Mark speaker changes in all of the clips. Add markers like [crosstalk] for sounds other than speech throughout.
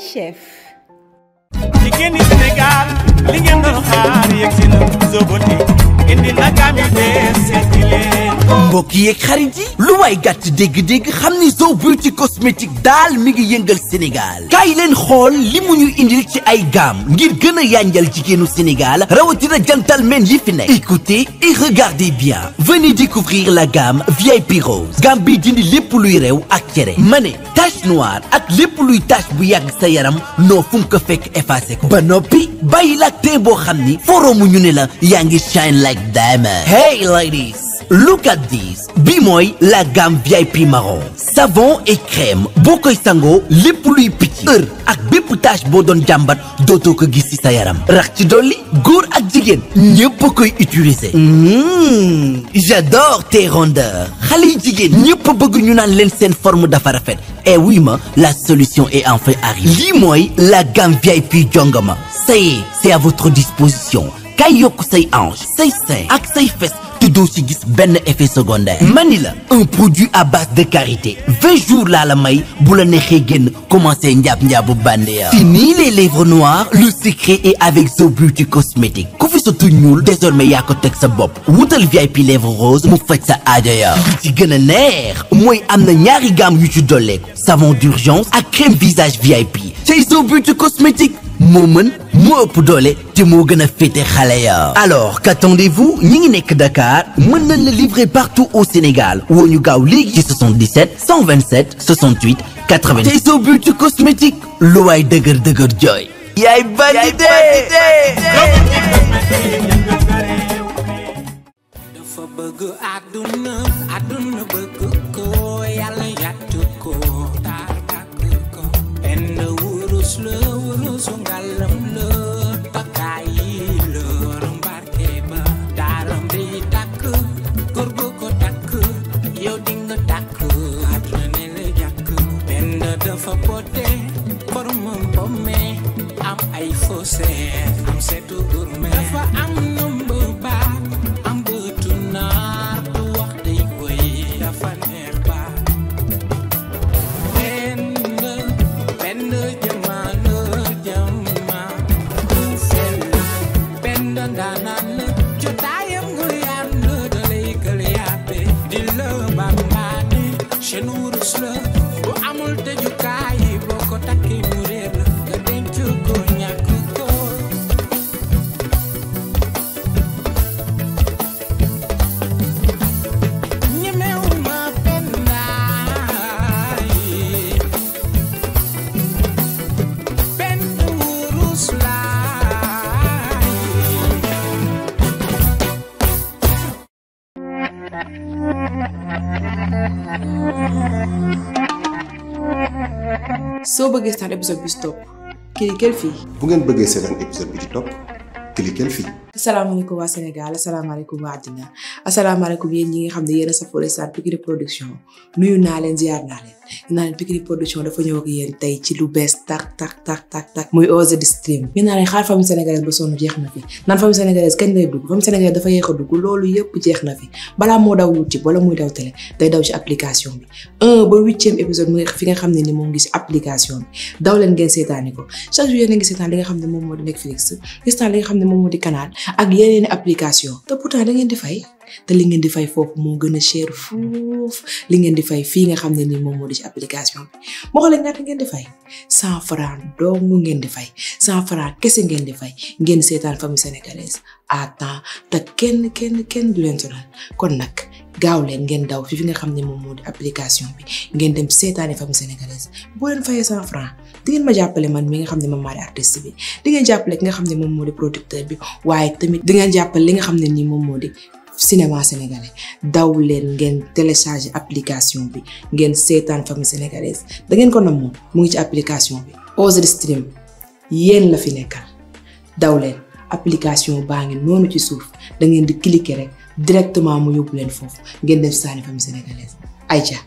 Speaker 1: chef.
Speaker 2: Sénégal xaar indi nagam mbokk yeeg xarit yi. lu waay gàtt dégg-dégg xam ni Zo ci cosmétique daal mi ngi yëngal Sénégal. kaay xool li mu ñu indil ci ay gamme ngir gën a yanjal jigéenu Sénégal rawatina gentleman yi fi nekk. écoutez et regardez bien. venez découvrir la gamme VIP Rose. gamme bi dindi lépp luy rew ak cere. ma ne tache noire ak lépp luy tache bu yàgg sa yaram noo fu ko fekk effacé ko. ba noppi bàyyi la teint xam ni foromu ne la yaa ngi shine like like Hey ladies! Look at this Bimoy, la gamme VIP marron savon et crème Bokoy sango sangoo lépp luy Ur, ak bépp tache boo doon ke dootoo ko gis sa yaram ci doli, gour ak jigéen mmh. j'adore tes rondeurs xale jigen, jigéen ñépp bëgg ñu nous forme dafa rafet Eh oui ma la solution est enfin arrivée Bimoy, la gamme VIP jongama ça y est c'est à votre disposition kay yokk say ange, say sein ak say fesse, tout doo ci gis ben effet secondaire Manila, un produit à base de karité 20 jours laa la may boule la neexee Commencez commencé njaab njaabu fini les lèvres noires le secret est avec Zo Beauty Cosmétique ku fi sa tuñ désormais yako tek sa bopp wutal VIP lèvres roses, mu faj sa aajo ya ci gën a neex mooy am na ñaari gamme yu savon d'urgence ak crème visage VIP C'est Zo Beauty Cosmétique moment moo dole ci mo gëna fété a ya alors qu'attendez-vous ñi ngi à Dakar mën nañ la livrer partout au Sénégal woo ñu gaaw ligue ci 77 127 68 80 tey soo bultu cosmétique lu waay dëgër dëgër jooy yaay bandi dafa
Speaker 3: bëgg àdduna àdduna bëgg ko yàlla yàtt ko ko fa poté forme pomme am ay fossé am seetu gourmet dafa am
Speaker 4: bëggee seetaan épisode bi si topp cliquer
Speaker 5: bu ngeen bëggee seetaan épisode bi di topp cliquer fii.
Speaker 4: waa Sénégal asalaamaaleykum waa àddina asalaamaaleykum yéen ñi nga xam ne yéen a safoo Star Pikineu Production nuyu naa leen ziar naa leen. naa leen Pikini production dafa ñëw tey ci lu bees tak tak tak tak tak muy Oser di naa leen xaar famille sénégalaise ba sonn jeex na fi naan famille sénégalaise kañ lay dugg famille sénégalaise dafa yeex a dugg loolu yëpp jeex na fi balaa moo daw YouTube wala muy daw télé day daw ci application bi un ba huitième épisode fi nga xam ne ni moo ngi ci application bi daw leen ngeen seetaani ko chaque jour yéen a ngi seetaan li nga xam ne moom moo di Netflix gis naa li nga xam ne moom moo di canal ak yeneen application te pourtant da ngeen di fay te li ngeen di fay foofu moo gën a cher fuuf li ngeen di fay fii nga xam ne nii moom moo di ci application bi ma xoolee ñaata ngeen di fay cent franc dong ngeen di fay cent franc kese ngeen di fay ngeen seetaan famille sénégalaise à temps te kenn kenn kenn du leen sonal kon nag gaaw leen ngeen daw fi fi nga xam ne moom moo di application bi ngeen dem seetaane famille sénégalaise boo leen fayee cent franc di ngeen ma jàppale man mi nga xam ne moom maa artiste bi di ngeen jàppale ki nga xam ne moom moo di producteur bi waaye tamit di ngeen jàppale li nga xam ne nii moom moo di cinéma sénégalais daw leen ngeen télécharger application bi ngeen seetaan famille sénégalaise da ngeen ko namoon mu ngi ci application bi Oser Stream yéen la fi nekkal daw leen application baa ngi noonu ci suuf da ngeen di cliquer rek directement mu yóbbu leen foofu ngeen def saani famille sénégalaise
Speaker 6: ayca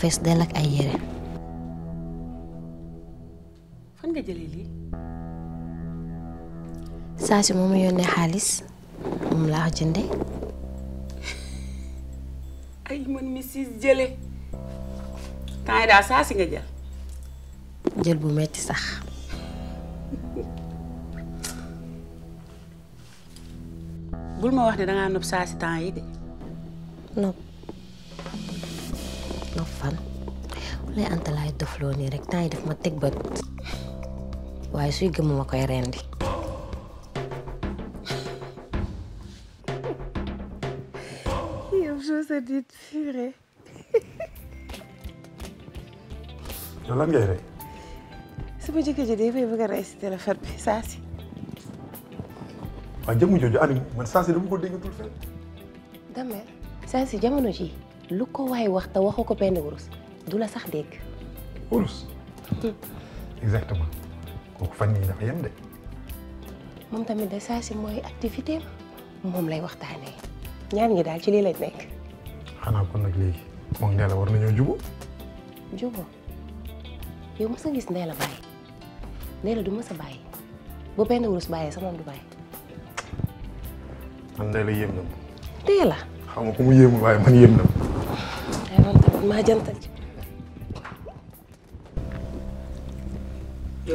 Speaker 7: feesdalak ay yére
Speaker 8: fan nga jëlee lii
Speaker 7: saa si moom yónnee xaalis moom laa ko
Speaker 8: ay man mi Jele. Tay da sa ci nga jël
Speaker 7: jël bu metti sax
Speaker 8: bul ma wax ni da nga nop sa ci temps yi de
Speaker 7: nopp lay Anta laay dofloo nii rek temps yi daf ma teg bët waaye suy gëmm ma koy rendi
Speaker 8: yow lan ngay rey. sama jëkkër ji day fay bëgg a rey si bi saa si.
Speaker 2: waaw
Speaker 6: jamono ji lu ko waay wax te waxu ko benn wurus du la sax dégg.
Speaker 9: urus. exactement kooku fan yii dafa yem de.
Speaker 6: moom si mooy activité moom lay waxtaanee ñaan ñi daal ci lii lañ nekk.
Speaker 3: xanaa kon nag léegi moom Ndella war nañoo jubóo.
Speaker 6: jubóo yow mës nga gis Ndella bàyyi Ndella du mës a bàyyi bu benn wurus bàyyee sa moom du bàyyi.
Speaker 3: man Ndella yéem na ma. Ndella. xam nga ku mu yéemu waaye man yéem na
Speaker 6: ma.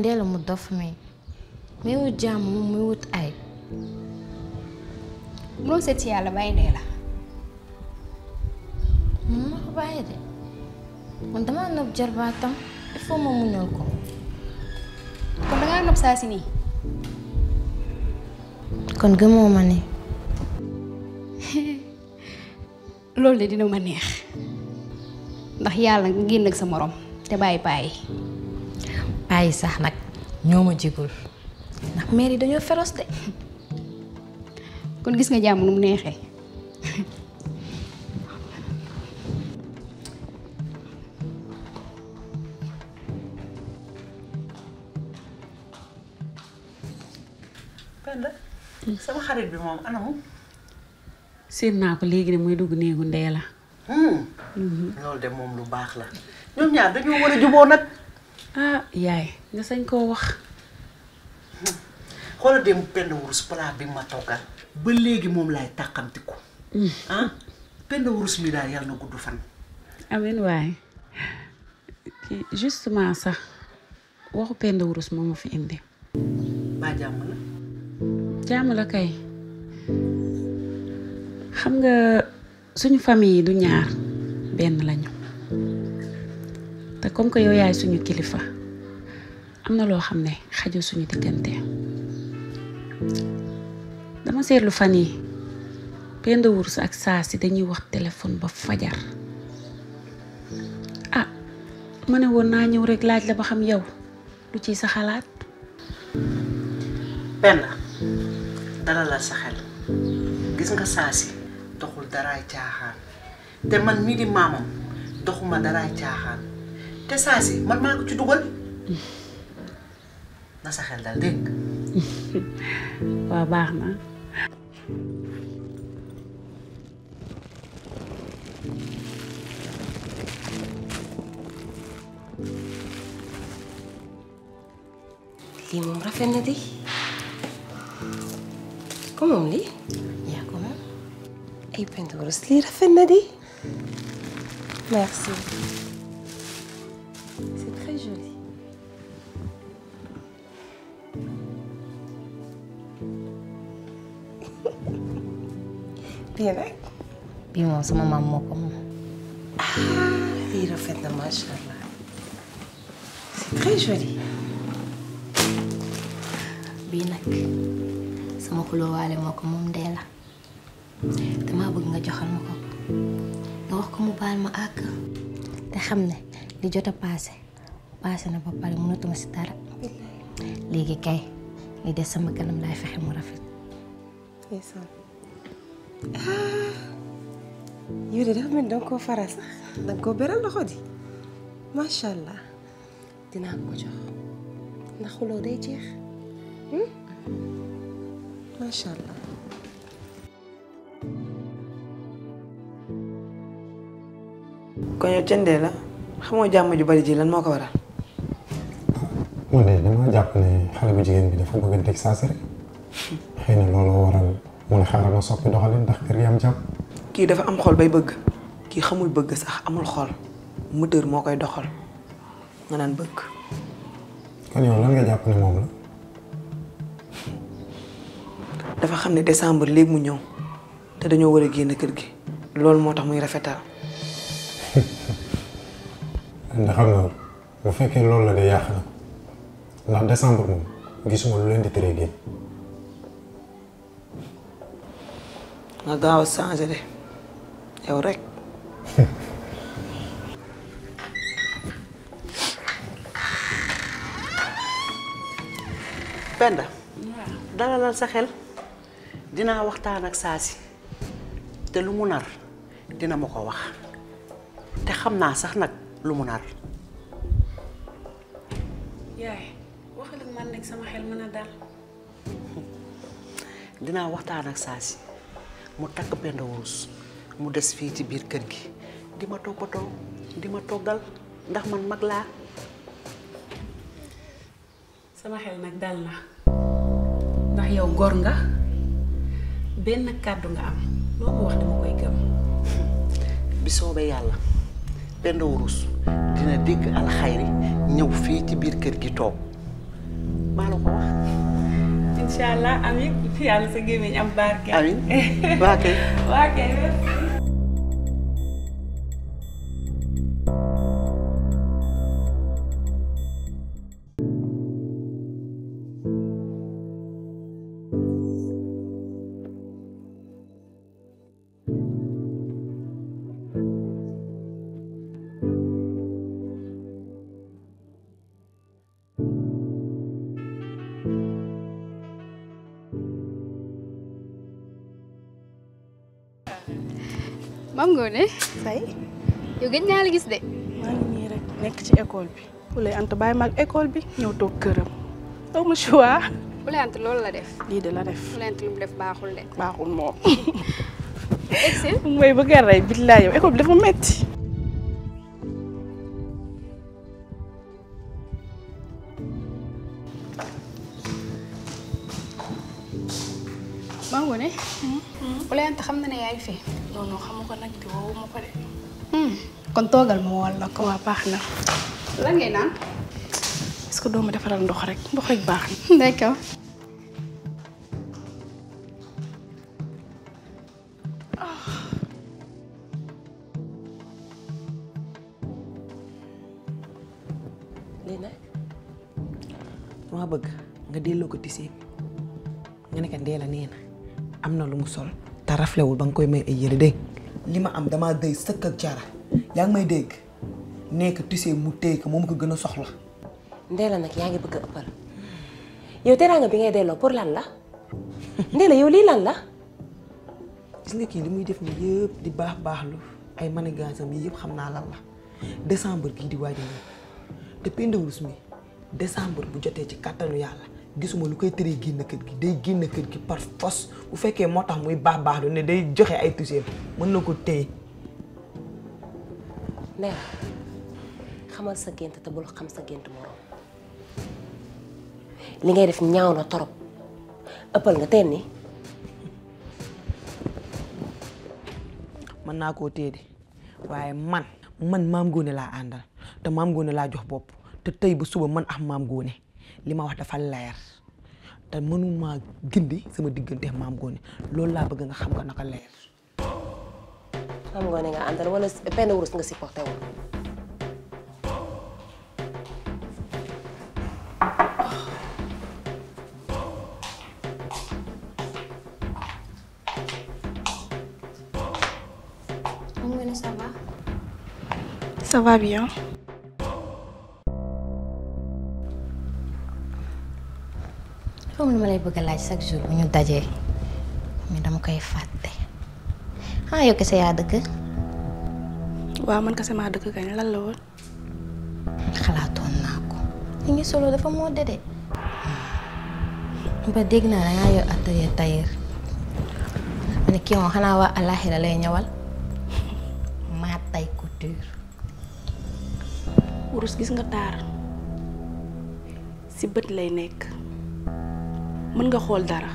Speaker 7: wëndeelu mu dof mi muy wut mu me wut ay mo seet yalla baye bàyyi la mo baye e ko bàyyi de man damaa nopp jarbaatam il faut ma muñal ko kon dangaa nopp saa si kon gëmoo ma ne [laughs] loolu de dina ma neex ndax yalla génn ak sa morom te baye baye yi sax nak ñoma nak jigul nak mère yi dañoo féroce dé kon gis nga jamm nu nexé
Speaker 10: sama xarit bi mom anam
Speaker 8: seen nako ko ne moy dug la
Speaker 10: hmm. mhm. de mom lu baax la
Speaker 8: ñoom ñaar ah yaay nga sañ koo wax.
Speaker 10: xoolal dem Penda Wurus palaat bi ma toggal ba léegi moom laay tàqamtiku. Hmm. ah Penda Wurus mi daal yàlla na gudd fan.
Speaker 8: amiin waaye justement sax waxu pend Wurus moo ma fi indi. baa jàmm la. jàmm la kay xam nga suñu famille yi du ñaar benn lañu. te comme que yow yaay hmm. suñu kilifa am na loo xam ne xajul suñu diggante dama seetlu fan yi Penda Wurs ak saa si dañuy wax téléphone ba fajar ah ma ne woon naa ñëw rekk laaj la ba xam yow lu ciy sa xalaat
Speaker 10: Penda dala la sa xel gis nga saa si doxul daraay caaxaan te man mii maamam doxuma daraay caaxaan te saa si man maa ko ci dugal na sa xel dal dégg
Speaker 8: waaw baax na
Speaker 6: lii moom rafet na di ko moom lii yaa ko moom ay penduurus lii rafet na di merci معاهم سما ماموكم هذه آه رفدنا ما شاء الله
Speaker 11: سي تري جولي
Speaker 7: بينك سما خلو والي موكو موم ديلا دما بغي nga joxal mako nga wax ko mu baal ma ak te xamne li jota passé passé na ba pare mënatuma ci dara légui kay li sama kanam lay fexé rafet ah
Speaker 6: You did have been don't go for us. Then go better the hodi. Mashallah. Dina kojo. Na kholo de jeh. Hmm?
Speaker 11: Mashallah.
Speaker 9: kon yow Thiendella la xamoo jàmm ju bari ji lan moo ko waral.
Speaker 8: moo de damaa jàpp ne xale bu jigéen bi dafa bëgg a teg saa si rek xëy na loolu waral mu ne xaaral ma soppi doxalin ndax kër gi am jàmm.
Speaker 9: kii dafa am xol bay bëgg kii xamul bëgg sax amul xol moteur moo koy doxal nga naan bëgg.
Speaker 8: kon yow lan nga jàpp ne moom la.
Speaker 9: dafa xam ne décembre léegi mu ñëw te dañoo war a génn kër gi loolu moo tax muy rafetal. [laughs]
Speaker 7: ndax xam nga
Speaker 5: bu fekkee loolu la de yàq na ndax décembre moom gisuma lu leen di tëree génn.
Speaker 9: nga gaaw a changé
Speaker 10: Eurek. Penda. dalalal sa xel Dina waxtaan ak Sasi. te lu mu nar dina ma ko wax te xam naa sax nag lu mu nar.
Speaker 8: yaay waxal ak man sama xel mën a dal.
Speaker 10: dinaa waxtaan ak saasi mu takk Penda mu dess fi ci biir kër gi di ma dima di ndax man mag la
Speaker 8: sama xel nak dal na ndax yow gor nga ben kaddu nga am loo ma wax dama koy gëm
Speaker 10: bi soobee yàlla benn wurus dina al khairi ñew fi ci biir kër gi tok maa la ko wax
Speaker 8: inshallah allah amin yalla sa gemi ñam barke amin barke [laughs] barke
Speaker 7: ne. Faye. yow gëj naa la gis de. maa ngi
Speaker 11: nii rek nekk ci école bi. Boulaye Anta bàyyi ma ak école bi ñëw toog këram. aw ma choix.
Speaker 7: Boulaye Anta loolu la def. lii de la def. Boulaye Anta lu mu def baaxul de.
Speaker 11: baaxul moom. egg si. mooy bëgg a rey billaay yow école bi dafa metti xam na ne yaay fi non non xamu ko di woowu ma de hmm kon toogal ma wala ko waa baax na la ngay naan est ce que ma defaral ndox rek ndox rek baax na [laughs] nga
Speaker 9: ko nga ne lu mu sol taraf lewul ba koy may ay yére de lima am dama dey sëkk ak jara yang may deg nek tisse mu tey ko mom ko gëna soxla.
Speaker 6: ndela nak yaangi bëgg ëppal yow nga bi ngay delloo pour lan la
Speaker 9: ndela yow li lan la. gis nga ki limuy def ni yépp di bax lu ay manigasam yépp xamna lan la décembre gi di waaj te mi décembre bu ci katanu yalla gisuma lu koy téré génn kër gi day génn kër gi par force bu féké motax muy bax bax lu né day joxé ay tuseem mën nako té
Speaker 6: né xamal sa bu lu xam sa li ngay def ñaaw na torop
Speaker 9: ëppal nga téni ni mën nako té dé man man mam goné la andal té mam goné la jox bop té tay bu suba man ah mam goné lima wax dafa leer da mënuma gindi sama digënté maam Ngoné lool la bëgg nga xam nga naka leer.
Speaker 6: maam Ngoné nga àndal wala Penda Wurus nga supporté wu
Speaker 7: Ça va bien. dafa am lu lay bëgg laaj chaque jour bu ñu dajé mi dama koy faté ha yow kessé ya dëkk.
Speaker 11: wa man kessé ma dëkk gañ lan la won xalaatoon naa ko li ngi solo dafa moo dede.
Speaker 6: ba dégg hmm. na da ngaa eh? yor atelier tailleur ma ne kii moom xanaa waa àllaaxira lay ñëwal
Speaker 7: ma tay couture.
Speaker 11: urus gis nga tar si beut lay nek mën nga xool dara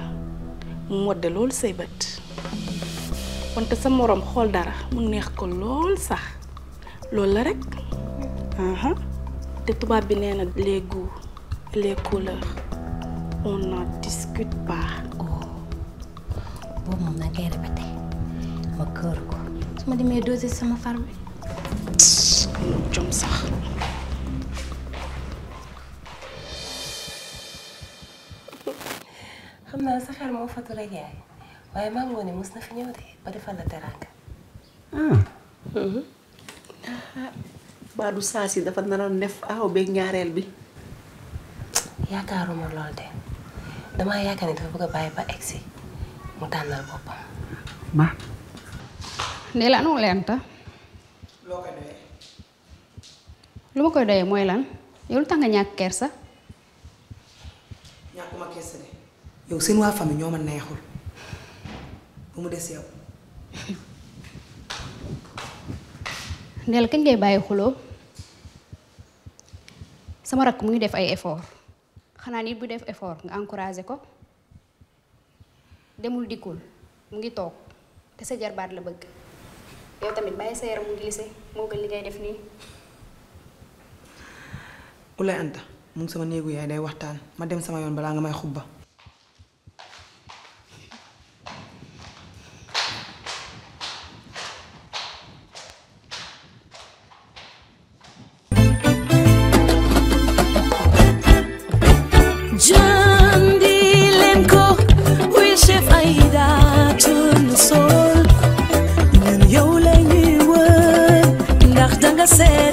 Speaker 11: mu modde lool say bët wante sa moroom xool dara mu neex ko lool sax loolu la rek te tubaab bi nee na les goûts les on n'en discute pas.
Speaker 7: boobu moom naa koy répété ma kër ko
Speaker 11: su
Speaker 12: ma demee doser sama far bi.
Speaker 7: jom sax.
Speaker 6: naa sa xel moo fatu rek yaay waaye maa ngoone mos na fi ñëw de ba defal la teraanga.
Speaker 10: baadu saa si dafa naroon def aw beeg ñaareel bi.
Speaker 6: yaakaaruma lool de damaa yaakaar ni dafa bëgg a bàyyi ba egsi mu tànnal boppam.
Speaker 7: ma. ne la anu leenta. loo koy doyee. lu ma koy doyee lu tax nga ñàkk kersa. ñàkkuma kersa de yow seen wa
Speaker 9: fami ñoma neexul bu mu dess yow [laughs]
Speaker 7: neel kañ ngay baye xulo sama rak mu ngi def ay effort xana nit bu def effort nga encourager ko demul dikul mu ngi tok te sa jarbaat la bëgg yow tamit baye sa yaram mu glissé mo gën li ngay def ni
Speaker 9: ulay anta mu ngi sama neegu yaay day waxtaan ma dem sama yoon bala nga may xubba
Speaker 1: ¡Sí!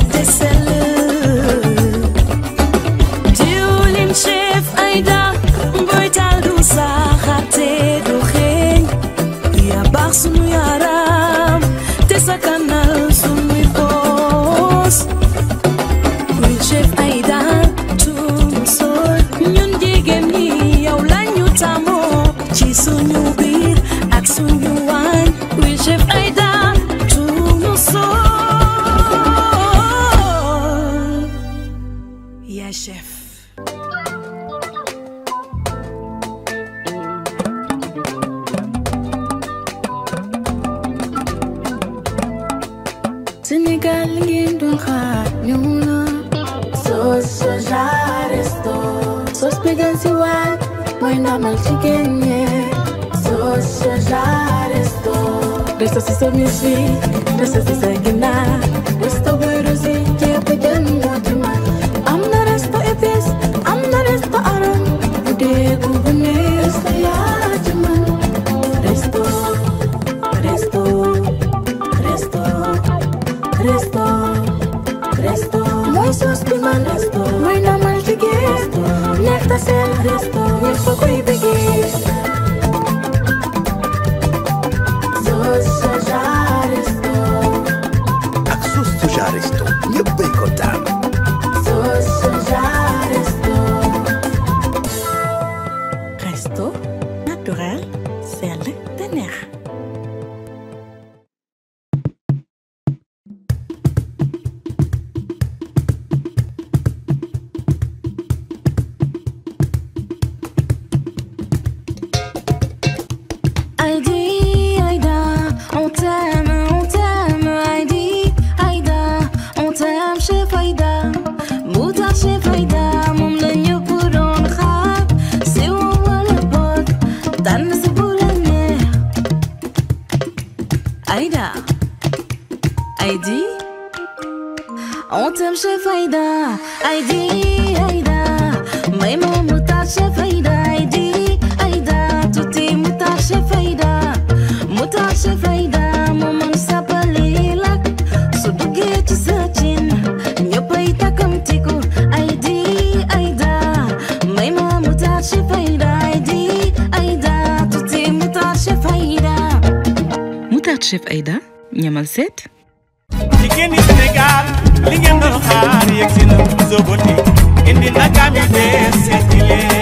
Speaker 2: me vê sem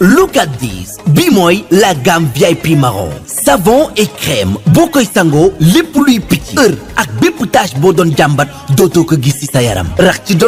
Speaker 2: look at this bi la gamme VIP marron savon et crème Boko sango les lépp luy picc jambat, ak bépp tache boo doon jàmbat que ko gis ci sa yaram ci ak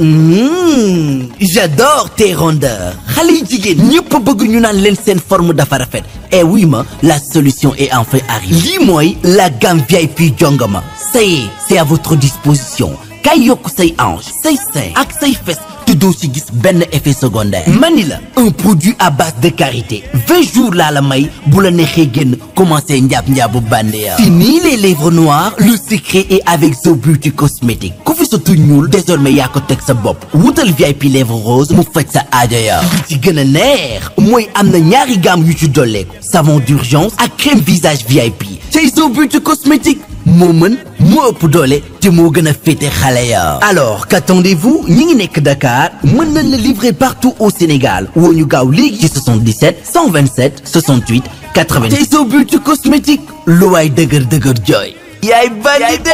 Speaker 2: hmm, j'adore tes rondeurs xale jigen, ne ñépp bëgg ñu naan leen forme dafa et eh oui ma la solution est enfin arrivée li la gamme VIP jongama ça c'est à votre disposition kay yokk say ange, c'est C'est ak say fesse te dossier ci gis effet secondaire manila un produit à base de carité. 20 jours là la may bu la neexee génn commencé njaab-njaabu bandeya fini les lèvres noires le secret est avec Zo du cosmétique ku fi sa tuñ désormais à ko teg sa bop wutal VIP lèvres roses mu ça sa aajo ci moi a neex mooy YouTube ñaari gamme yu ci dolé savon d'urgence à crème visage VIP chez Zo Beauty cosmétique Moumen, moi moo ëpp tu m'auras fait gën a alors qu'attendez-vous ñi ngi nekk Dakar nous nañ la livrer partout au Sénégal woo ñu gaaw ci 77 127 68 80 tey soo bultu cosmétique lu waay dëgër Joy. jooy yaay bandi de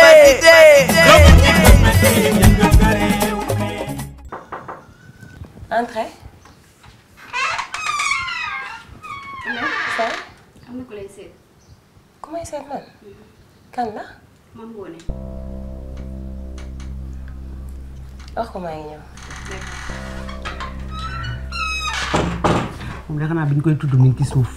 Speaker 6: entrez comment kan man Ngoné. wax ko maa ngi ñëw.
Speaker 10: moom yaakaar naa bi koy tudd mi ngi ci suuf.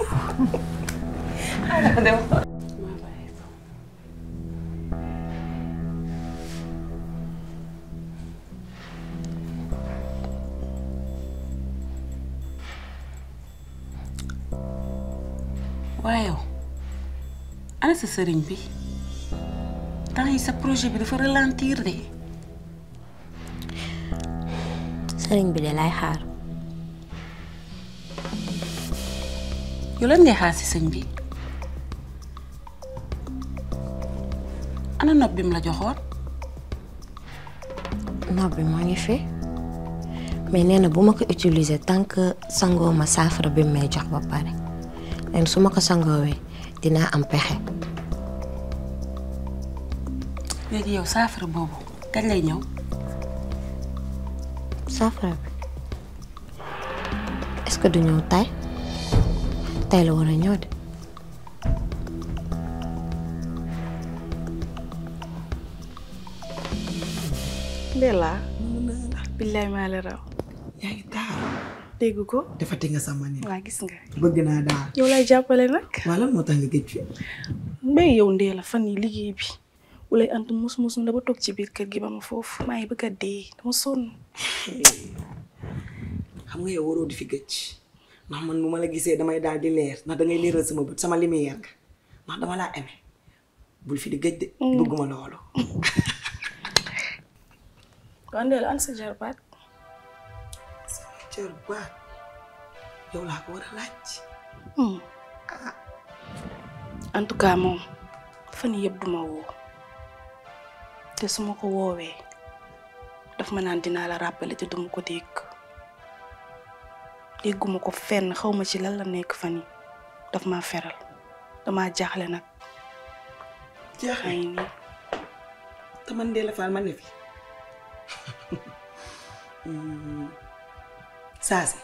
Speaker 8: waaye yow ana sa sëriñ bi. Belangrijkste proje bij de Sering bij de lei haar. Yolande haar is señ bi.
Speaker 6: Anna nog bim la johor? Nog bi man ngi fi. mais nee na bu ma ko utiliser tant que sangoo ma saafara bi may jox ba pare len suma ko sangoowee dinaa am pexe
Speaker 8: léegi yow saafara boobu
Speaker 6: kañ lay ñëw. saafara bi
Speaker 7: est-ce que du ñëw tay
Speaker 6: tay la war a de.
Speaker 11: Bella. billaay maa la raw. yaa ngi taaru. dégg ko.
Speaker 9: defati nga sama ni waa gis nga. bëgg naa daal.
Speaker 11: yow lay jàppale nak
Speaker 9: waa lan moo tax nga gëj fi.
Speaker 11: yow ndee la fan yi liggéey bi. wulay ant mus mus na ba toog ci biir kër gi ba ma foofu maa ngi bëgg dama sonn.
Speaker 9: xam nga yow waroo di fi gëcc ndax man bu ma la gisee damay daal di leer ndax dangay leeral sama bët sama lumière nga ndax dama laa amee bul fi di gëj de. Mm. bëgguma loolu. [laughs]
Speaker 11: kon mm. ah. de tout cas moom fan yëpp duma woo. te su ma ko woowee daf ma naan dinaa la rappeler te duma ko dégg dégguma ko fenn xaw ma ci lan la nekk fan yi daf ma feral dama jaaxle nag.
Speaker 9: jaaxle ay nii.
Speaker 11: te man de la faal ma ne fi
Speaker 9: [laughs] saa si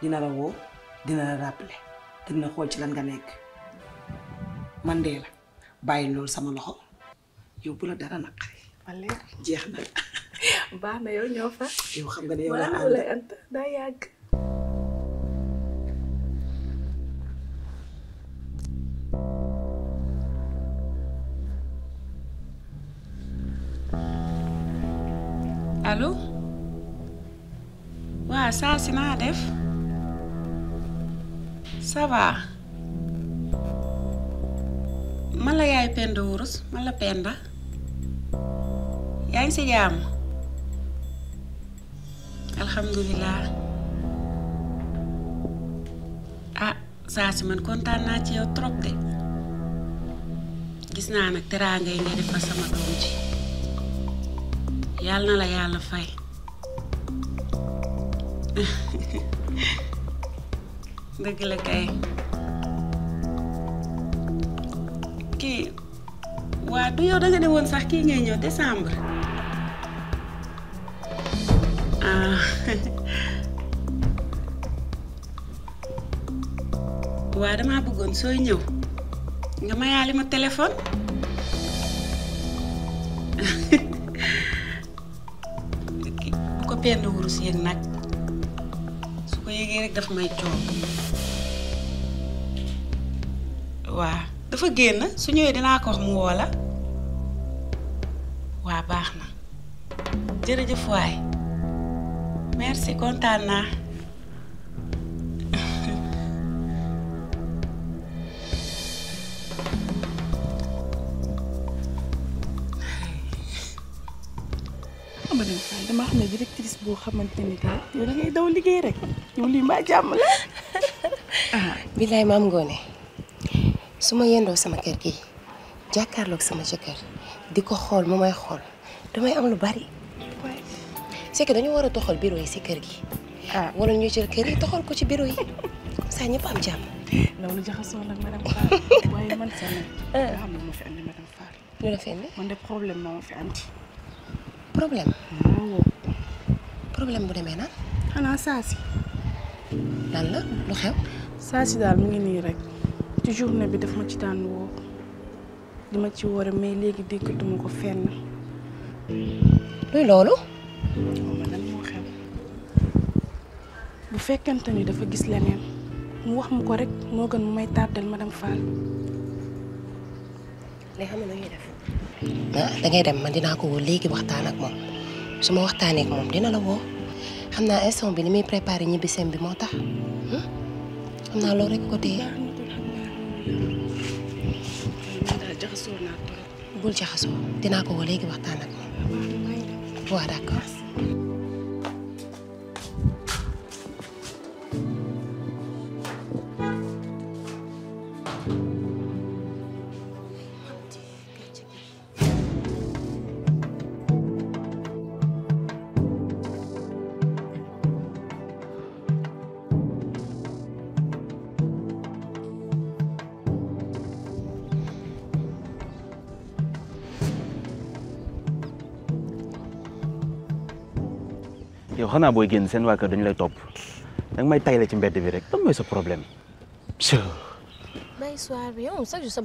Speaker 9: dina la woo dina la rappeler te dina xool ci lan nga nekk man de la bàyyi loolu sama loxo. yow bu dara naqari wala jeex na
Speaker 11: na yow ñoo yow xam nga ne yow la ànd lay ànd
Speaker 8: allo si def ça va yaay wurus penda yaa ngi si jàmm ah saa si man kontaan naa ci yow trop de gis naa nag teraanga yi nga sama doom Ya yàlla na la yàlla fay [laughs] dëgg la kay kii waa du yow da nga ne woon sax kii ngay ñëw décembre. [laughs] waa damaa bëggoon sooy ñëw nga mayaale ma téléphone bu [laughs] ko penn wurus yéeg nag su ko yéegee rek daf may coow waa dafa génn su ñëwee dinaa ko wax la waa baax na jërëjëf waay merci kontaan naa.
Speaker 11: Madame Fall dama xam ne directrice yow da ngay daw liggéey rek yow la. Ah. sama kër gi
Speaker 6: sama Diko mu may damay am lu bari. c'est que dañu war a toxal biro yi si kër gi. ah wala ñu jël kër yi toxal ko ci bureau yi
Speaker 11: saa ñëpp am jàmm. loolu jaxasoo nag madame Fall waaye man sax ma [laughs] ah. fi andi madame Fall. lu la man de problème moo ma fi andi. problème. problème bu demee naan. xanaa saa si. lan lu xew. saa si daal mu ngi nii rek ci na bi daf ma ci daan woo di ma ci woore mais léegi déggatuma ko fenn.
Speaker 6: luy loolu. xawma lan moo xew
Speaker 11: bu fekkente ni dafa gis leneen mu wax mu ko rek moo gën mu may tardal madame Fall
Speaker 6: lay xam nga ngay def ah da ngay dem man dinaa ko woo léegi waxtaan ak moom su ma waxtaanee ak moom dina la woo xam naa instant bi ni muy préparé ñibbi sem bi moo tax hmm? xam naa loolu rek ko téye bul jaxasoo dinaa ko woo léegi waxtaan ak moom waaw d'accord Thank you.
Speaker 5: naa booy génn seen waa dañu lay topp danga may tay la ci mbedd bi rek lan mooy sa problème.
Speaker 7: bàyyi soir bi yow chaque jour sa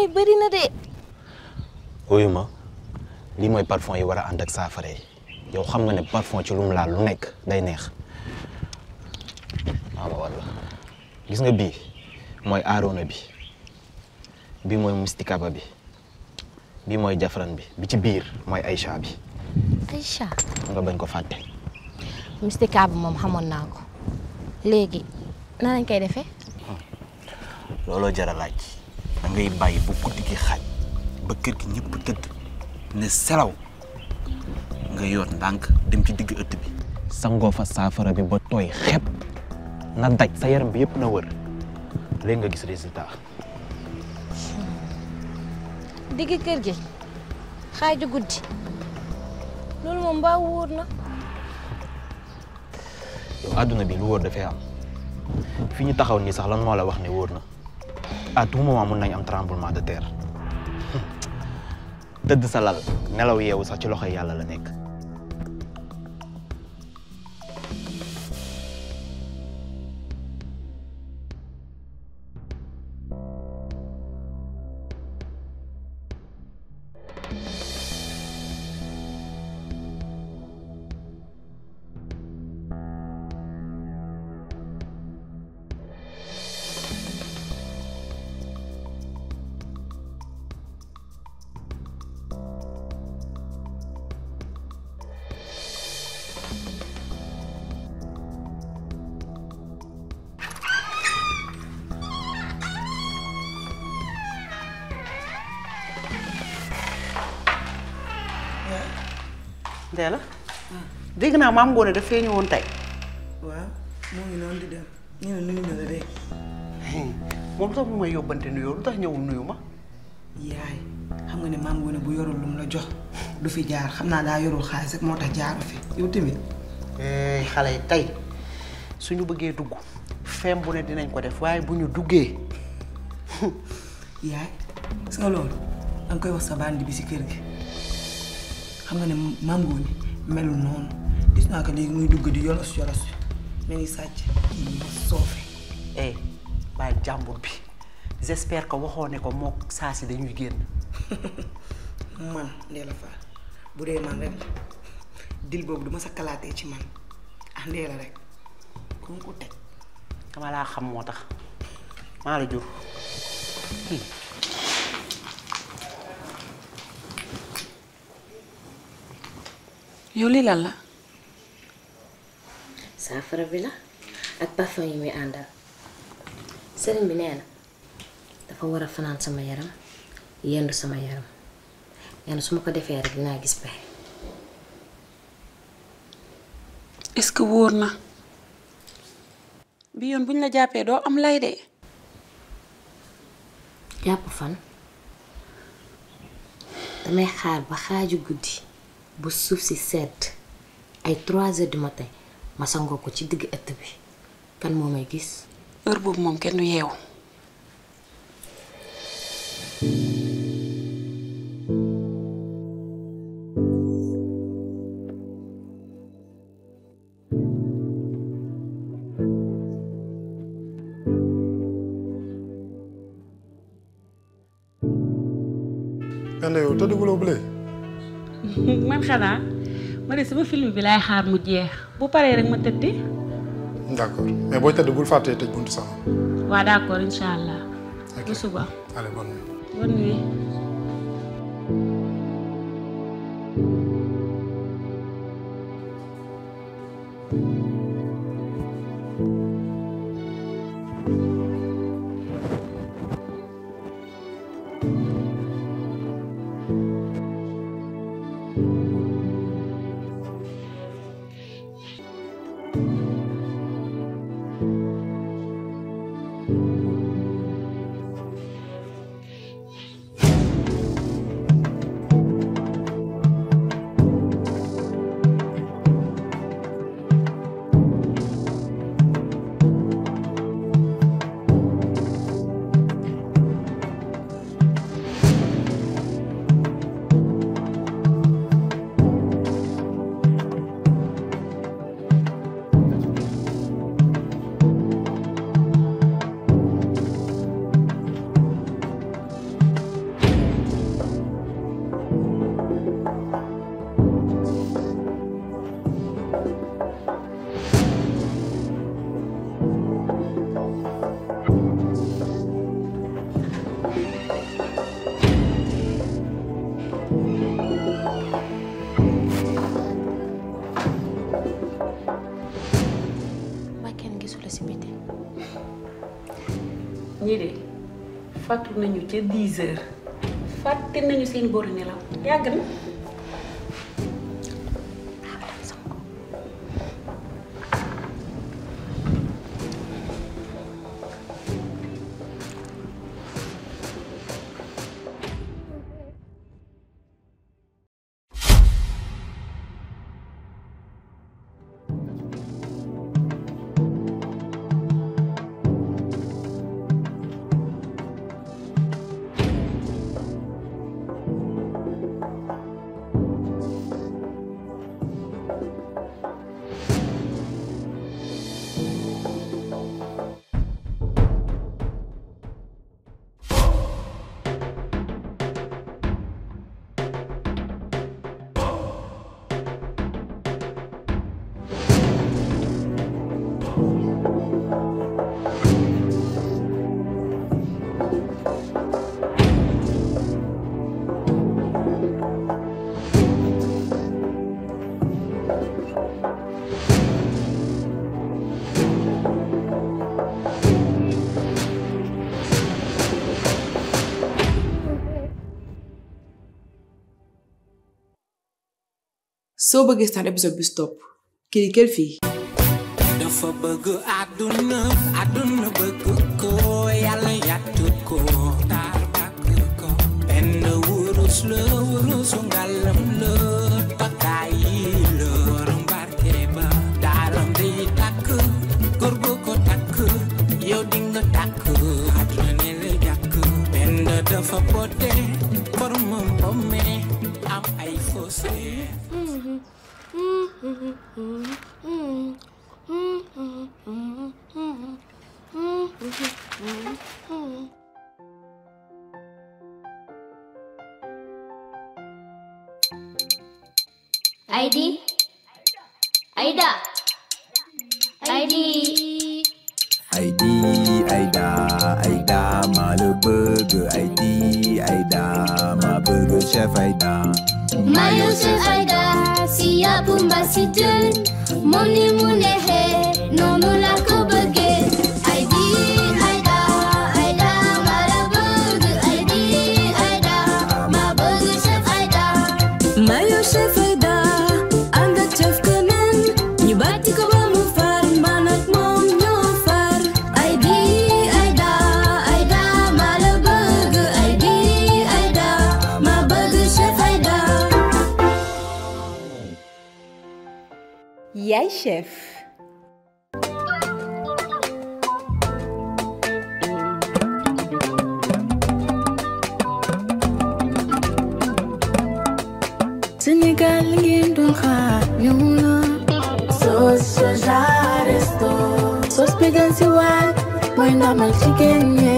Speaker 1: yi bëri na de.
Speaker 5: wuyu ma mooy parfum yi war a ànd ak saafara yow xam nga ne parfum ci lu mu laal lu nekk day neex. gis nga bii mooy aarona bi bii mooy mustikaba bi bii mooy jafran bi bi ci biir mooy Aïcha bi. Aïcha. nga bañ ko fàtte.
Speaker 7: mustikaba moom xamoon naa ko léegi na lañ koy defee.
Speaker 5: looloo jar a laaj da ngay bàyyi bu guddi gi xaaj ba kër gi ñëpp tëdd ne selaw nga yoot ndànk dem ci digg ëtt bi. sangoo fa saafara bi ba tooy xepp. na daj sa yaram bi yëpp na wër léegi nga gis résultat.
Speaker 6: digg kër gi xaaju guddi loolu moom mbaa wóor na.
Speaker 5: àdduna bi lu wóor dafay am fi ñu taxaw nii sax lan moo la wax ne wóor na à tout moment mun nañ am tremblement de terre tëdd sa lal nelaw yeewu sax ci loxo yàlla la nekk.
Speaker 10: la dégg na maam ngone da feñu won tay
Speaker 9: waaw mo ngi non di dem
Speaker 10: ñu ñu ñu da rek de. tax sax mu may yobante nuyoo lu tax ñewul nuyu ma. yaay xam nga ne maam ngone bu yorul lu mu la jox
Speaker 9: du fi jaar xam naa yorul xaalis rek moo tax fi
Speaker 10: yow tamit. xale yi tey suñu bëggee dugg fem bu ne dinañ ko def waye buñu duggé yaay sa nga ang koy wax sa bandi bi ci kër gi.
Speaker 9: xam nga ne maam Ngoné melul noonu gis naa ko léegi muy dugg di yolos yolos
Speaker 10: mel ni sàcc soofe eh bàyyi jàmbur bi j'espère que waxoo ne ko moo saa si dañuy génn
Speaker 9: [laughs] man Ndéla
Speaker 10: Fall bu dee man rek dil boobu du sa kalaatee ci man ah Ndéla rek ku ko teg dama laa xam moo tax maa la jur hmm.
Speaker 6: yow lii la.
Speaker 7: saafara bi la ak parfum yi muy àndal sëriñ bi nee na dafa war a fanaan sama yaram yenn sama yaram yenn su ma ko defee rek dinaa gis pexe. est-ce que wóor na.
Speaker 8: bi yoon bu ñu la jàppee doo am lay de.
Speaker 7: jàpp fan damay xaar ba xaaju guddi. bu suuf si sedd ay trois heures du matin ma
Speaker 6: ko ci diggu ëtt bi kan moo may gis heure boobu moom kenn du yeewu
Speaker 8: sama film bi laay xaar mu jeex bu paree rek ma tëddi.
Speaker 10: d'accord mais booy tëdd bul fàttee tëj buntu sax.
Speaker 8: waaw d'accord Inshallah.
Speaker 7: allah. ok bu suba. allez bonne nuit. bonne nuit.
Speaker 8: fàttu nañu ca 10 heures fàtte nañu seen boru nelaw yàgg na
Speaker 3: soo
Speaker 4: bëggee staan épisode bi stop kii kel fii
Speaker 3: dafa bëgg àdduna àdduna bëgg ko yàlla yàtt ko ko benn wurus la wurusu ngàllam la
Speaker 12: ID
Speaker 7: Aida ID
Speaker 5: ID Aida Aida ma le burger ID Aida ma burger chef Aida
Speaker 1: Mayo se faida, siya pumba si jön, moni munehe, la. chef.
Speaker 12: Sénégal ngeen doon xaar ñëw na. soos soja resto. soos pigan si waat mooy ndamal jigéen ñe.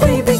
Speaker 12: Baby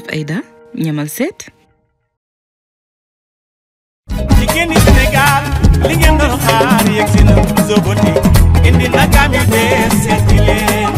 Speaker 1: chef Aïda ñamal seet.
Speaker 5: jigéen ñi Sénégal li ngeen doon xaar yegg si na Zoboti indi na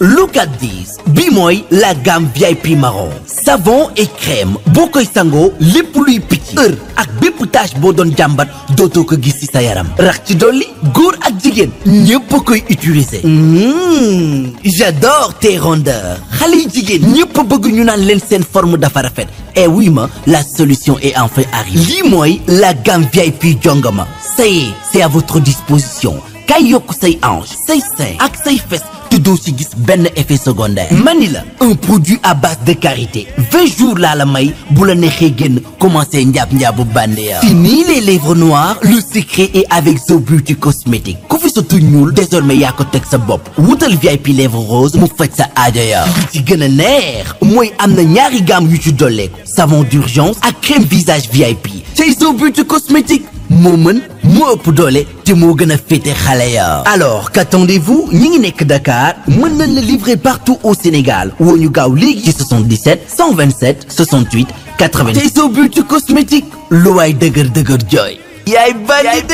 Speaker 2: look at this Bimoy, la gamme VIP marron savon et crème Beaucoup koy les lépp luy picc ak bépp tache boo doon D'autres que ko gis ci sa yaram rax ci dolli góor ak jigéen utiliser mmh. j'adore tes rondeurs xale jigen. jigéen ñépp bëgg ñu naan leen seen forme dafa rafet et eh oui ma la solution est enfin arrivée Bimoy, la gamme VIP jongama ça y est c'est à votre disposition kay yokk say ange, say say, ak say fesse te doo ci gis ben effet secondaire Manila, un produit à base de carité. 20 jours là la may bou la nexé à commencer njaab-njaabu bandeya fini les lèvres noires le secret est avec Zobutu Beauty cosmétique kou fi sa tuñ désormais yaa ko teg sa bop wutal VIP lèvres roses mu fait sa aajo ci gëna a neex mooy am ñaari yu ci savon d'urgence ak crème visage VIP C'est Zo Beauty cosmétique Moumen, mën moo ëpp doole alors qu'attendez-vous ñi ngi Dakar Moumen le la livrer partout au Sénégal woo ñu gaaw 77 127 68 80 tey but du cosmétique l'ouai degger degger joy. Yay bandi